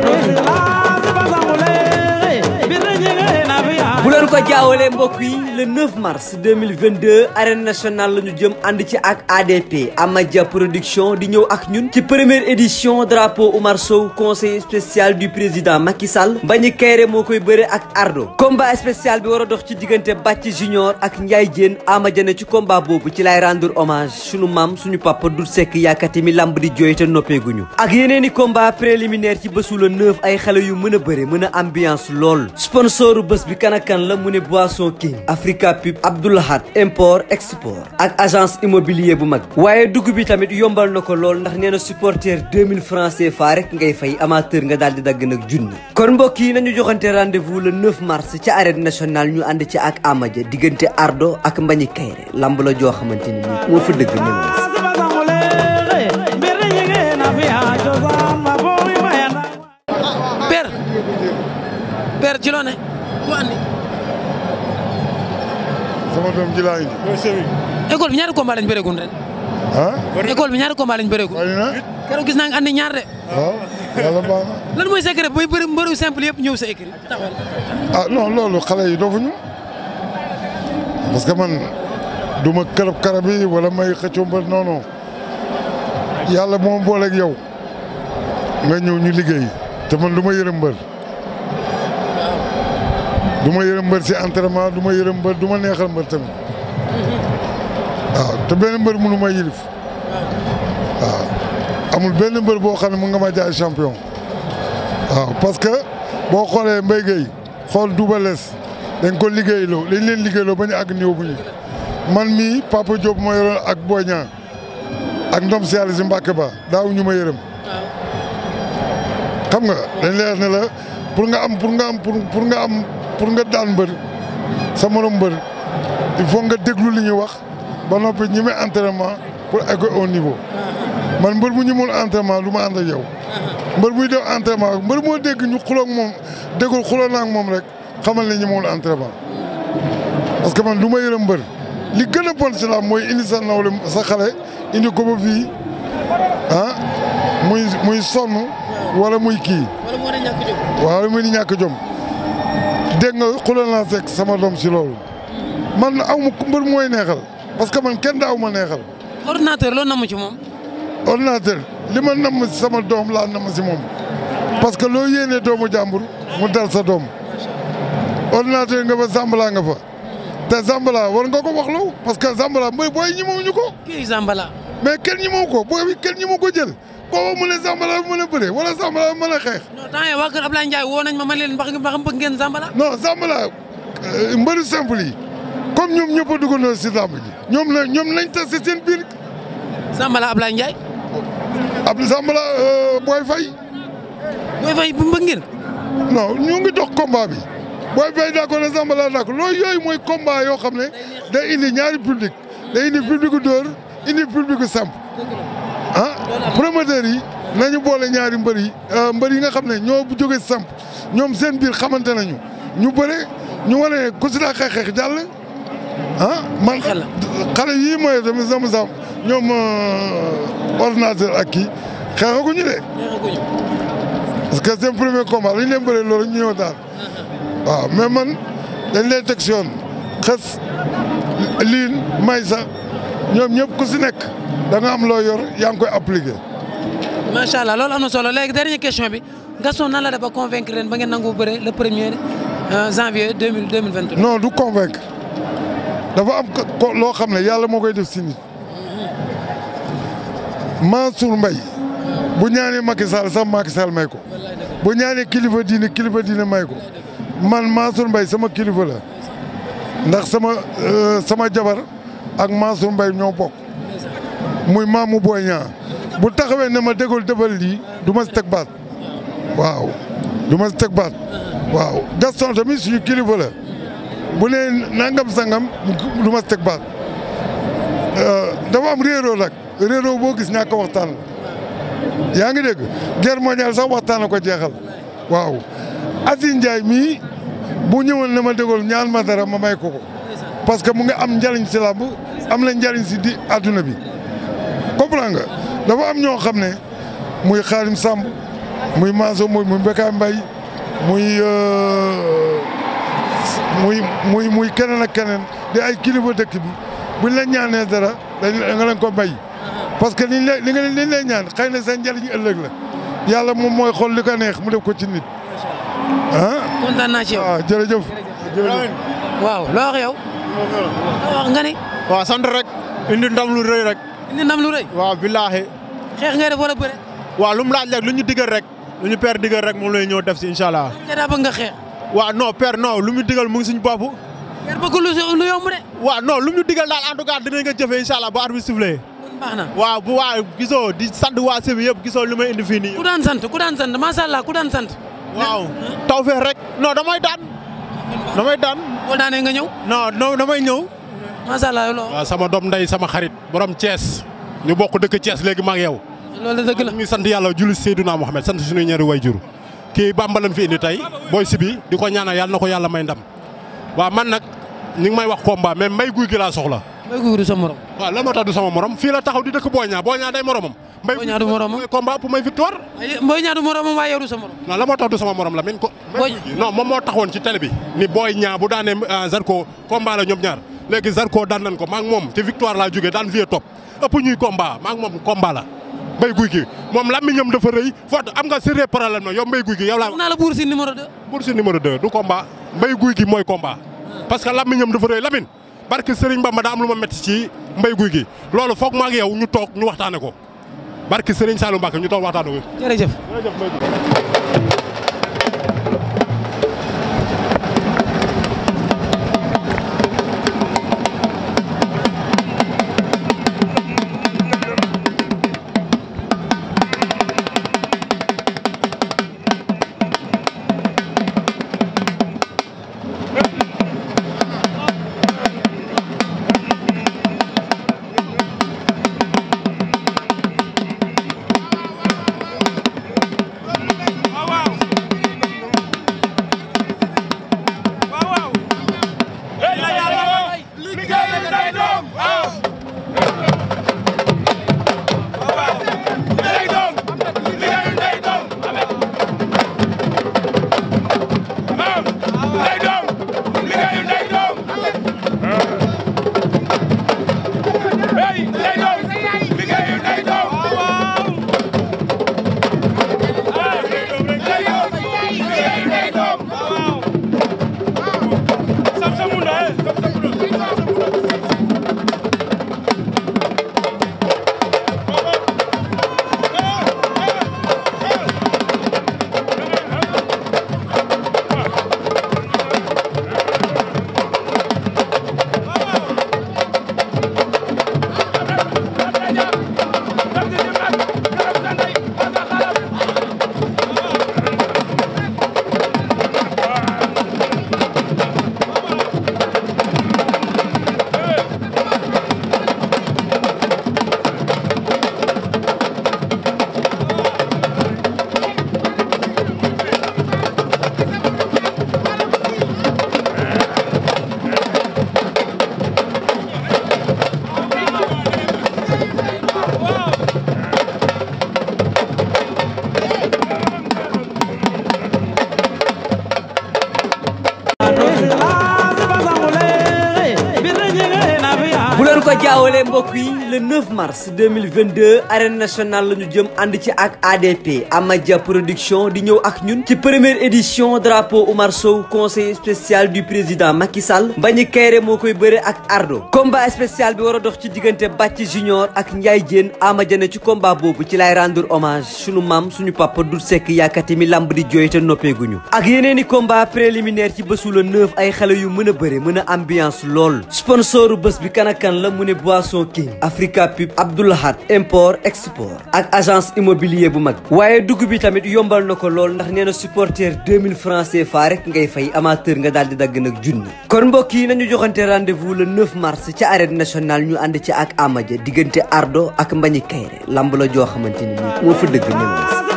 Manou jaawale mbokk yi le 9 mars 2022 arène nationale ñu jëm ànd ci ak ADP Amadia production di ñëw ak ñun ci première édition drapeau Oumar Sow conseiller spécial du président Macky Sall Mbagnick Kaïré moo koy bëree ak Ardo combat spécial bi war a dox ci diggante Bathie Junior ak Ndiaye Diène Amadia ne ci combat boobu ci lay rendre hommage suñu maam suñu papa Dut Seck yaakati mi lamb di jooy te noppeeguñu ak yeneeni combat préliminaire ci bésu le ay xale yu mën a bëre mën a ambiance lool ne boisson king africa pub abdoulahat import export ak agence immobilier bu mag waaye dugg bi tamit yombal na ko lool ndax nee na supporter 2000 francs CFA rek ngay fay amateur nga daal di dagg nag junni kon mbokk yi nañu joxante rendez-vous le 9 mars ci arène national ñu ànd ci ak amaja diggante ardo ak mbañi kayre lamb la joo xamante ni moo fa dëgg ne per per ci loo sama doom ji laa indi. école bi ñaari combat lañ bëreegul ren. ah. école bi ñaari combat lañ bëreegul. bëri na keroog naa nga andi ñaar de. waaw yàlla baax na. lan mooy secret bi bëri mbëru simple yëpp ñëw sa écrit taxawal. ah non loolu xale yi parce que man du ma karab karab yi may xëccoo mbër non non moom booleeg yow nga ñëw liggéey te man du ma du ma yërëm si entraînement du ma yërëm du ma neexal mbër tamit mhm. waaw te benn mbër mënu ma yilif waaw amul benn mbër boo xam ne mën nga ma jaay champion waaw parce que boo xoolee Mbaye Gueye xool Double Less dañ ko liggéeyloo dañ leen liggéeyloo ba ñu àgg ñëw bu man mii Papa Diop ma yoroon ak Boy ak ndom si yàlla si Mbàkke ba daaw ñu ma yërëm xam nga dañ lay ne la pour nga am pour nga am pour nga daan mbër sa morom mbër il faut nga déglu li ñuy wax ba noppi ñi may entraînement pour àgg au niveau man mbër mu ñu mul entraînement lu ma ànd ak yow mbër muy def entraînement mbër moo dégg ñu xuloog moom déggul xuloo naa moom rek xamal ne ñu mul entraînement parce que man lu ma yërëm mbër li gën a bon mooy indi sa nawle sa xale indi ko ba fii ah muy muy sonn wala muy kii waaw wala muy ñàkk jom dégg nga xulal sama doom si loolu man aw ma mbër mooy neexal parce que man kenn daaw ma neexal. ordinateur loolu namm ci moom. ordinateur li ma namm sama doom laa namm si moom parce que loo yéenee doomu jàmbur mu dal sa doom ordinateur nga fa sambalaa nga fa te Zambala war nga ko wax loolu parce que Zambala mbéy booy ñi ñu ko. kii Zambala. mais kenn ñi ko booy bi kenn ñi ko jël. ko koo mën a zambala mën a bëre wala zambala mën a xeex. non temps yii waa kër Ablaye Ndiaye woo nañ ma man leen mbax mbax bëgg ngeen zambala. non zambala euh, mbëri simple yi comme ñom ñëpp a duggandoo si lamb ji ñoom la ñoom lañ tas si seen biir. zambala Ablaye Ndiaye. ab zambala euh, Boy Faye. Boy Faye bu mu bëgg ngeen. ñu ngi dox combat bi. Boy Faye d'accord na zambala d'accord yooyu mooy combat yoo xam ne day indi ñaari public day indi public dóor indi public samp. ah promoteurs yi nañu boole ñaari mbër yi euh, mbër yi nga xam ne ñoo jóge samp ñoom seen biir xamante nañu ñu bëre ñu wane ku si daa xeex xeex jàll ah man xale yii mooy tamit sama sam ñoom euh, ordinateur ak kii xeexaguñu de parce que seen premier combat lañu leen bëree loolu ñu daal uh-huh. waaw mais man dañ lay teg si yoon liin may sax ñoom ñëpp ku si nekk da am loo yor yaa ngi koy appliquer. macha allah loolu am na solo léegi dernière question bi Gaston naa la def ba convaincre leen ba ngeen nangu bëre le premier euh, janvier deux mille deux mille vingt-trois non du convaincre dafa am loo xam ne yàlla moo koy def si nit Mansour mbay bu ñaanee Macky Sall sax Macky Sall may ko bu ñaanee kilifa diine kilifa diine may ko man Mansour mbay sama kilifa la ndax sama euh, sama jabar. ak Mansour Mbaye ñoo bokk muy maamu Boy Niang bu taxawee na ma déggul defal lii du ma si teg baat waaw du ma si teg baat waaw Gaston tamit suñu kilifa bu nee nangam sangam du ma si teg baat euh, dafa am réeróo nag réeróo boo gis ñàkk waxtaan la yaa ngi dégg guerre mondiale sax waxtaan na ko jeexal waaw Aziz Ndiaye mii bu ñëwoon ne ma déggul ñaan ma dara ma may ko parce que mu ngi am njëriñ si làmb am na njëriñ si di adduna bi comprend dafa am ñoo xam ne muy Xaalim Samb muy Manso muy muy Mbeka Mbay muy euh, muy muy muy keneen keneen di ay kilifa dëkk bi buñ la ñaanee dara dañ nga leen ko mbay parce que liñ la li nga liñ lay ñaan xëy na seen njëriñ ëllëg la yàlla moom mooy xool li ka neex mu def ko ci nit. ah kontaan naa ah, jërëjëf. jërëjëf yow. wax nga ni. sant rek. indi ndam lu rëy rek. indi ndam lu rëy. waaw billaahi. xeex ngay def wala bëre. waaw lu mu laaj rek lu ñu digal rek. lu ñu père digal rek moom la ñuy ñëw def si incha allah. daa bëgg nga xeex. waaw lu mu digal mu ngi suñu bopp. père bëgg lu yomb de. waaw non lu mu ñu digal daal en tout cas dinañ ko jëfee incha allah bu arbitre sifflee. baax na bu gisoo di sant waa Sébi yëpp gisoo li may indi fii nii. ku daan sant ku daan sant macha allah ku daan sant. waaw tawfeex rek. damay daan. boo daanee nga ñëw. non damay ñëw. macha allah lool. sama doom nday sama xarit borom cees ñu bokk dëkk cees léegi ma ak yow. loolu dëgg la ñu sant yàlla julli Seydina Mohamed sant suñu ñaari wayjur kii Bàmba lañ fi indi tey booy sibi di ko ñaanal yàlla na ko yàlla may ndam waaw man nag ñu ngi may wax combat mais may guy gi laa soxla. Mbaye Gouye Gui du sa morom. waaw lan moo tax du sama morom fii la taxaw di dëkk Boy Niang Boy Niang day moromam. Boy Niang du morom. non lan moo tax du sama morom la min euh, daan nañ ko maa moom ci victoire laa jógee daan vie top ëpp ñuy dafa rëy fot nga sérieux problème la yow Mbaye Gouye Gui yow laa. naa la Bour Sine numéro barke Serigne Bamba daa am lu ma métti ci mbay guy gi loolu foog ma ak yow ñu toog ñu waxtaane ko barke Serigne Saliou Mbacké ñu toog waxtaane ko. jërëjëf Pikine le 9 mars 2022 arène nationale la jëm ànd ci ak ADP Amadia production di ñëw ak ñun ci première édition drapeau Oumar Sow conseil spécial du président Macky Sall Mbagnick Kaïré moo koy bëre ak Ardo combat spécial bi war a dox ci diggante Bathie Junior ak Ndiaye Diène Amadia ne ci combat boobu ci lay rendre hommage suñu maam suñu papa Dul Seck yaakati mi lamb di jooy te noppeeguñu ak yeneen i combat préliminaire ci bésu le ay xale yu mën a bëre mën a ambiance lool sponsoru bés bi kan ak la mu ne Boisson King Africa Pub Abdoulahat import export ak agence immobilier bu mag waaye dugub bi tamit yombal na ko lool ndax nee na supporter 2000 francs CFA rek ngay fay amateur nga daal di dagg nag junni kon mbokk yi nañu joxante rendez-vous le 9 mars ci arène national ñu ànd ci ak Ama Dia diggante Ardo ak Mbagnick Kaïré lamb la joo xamante ni moo fa dëgg nemees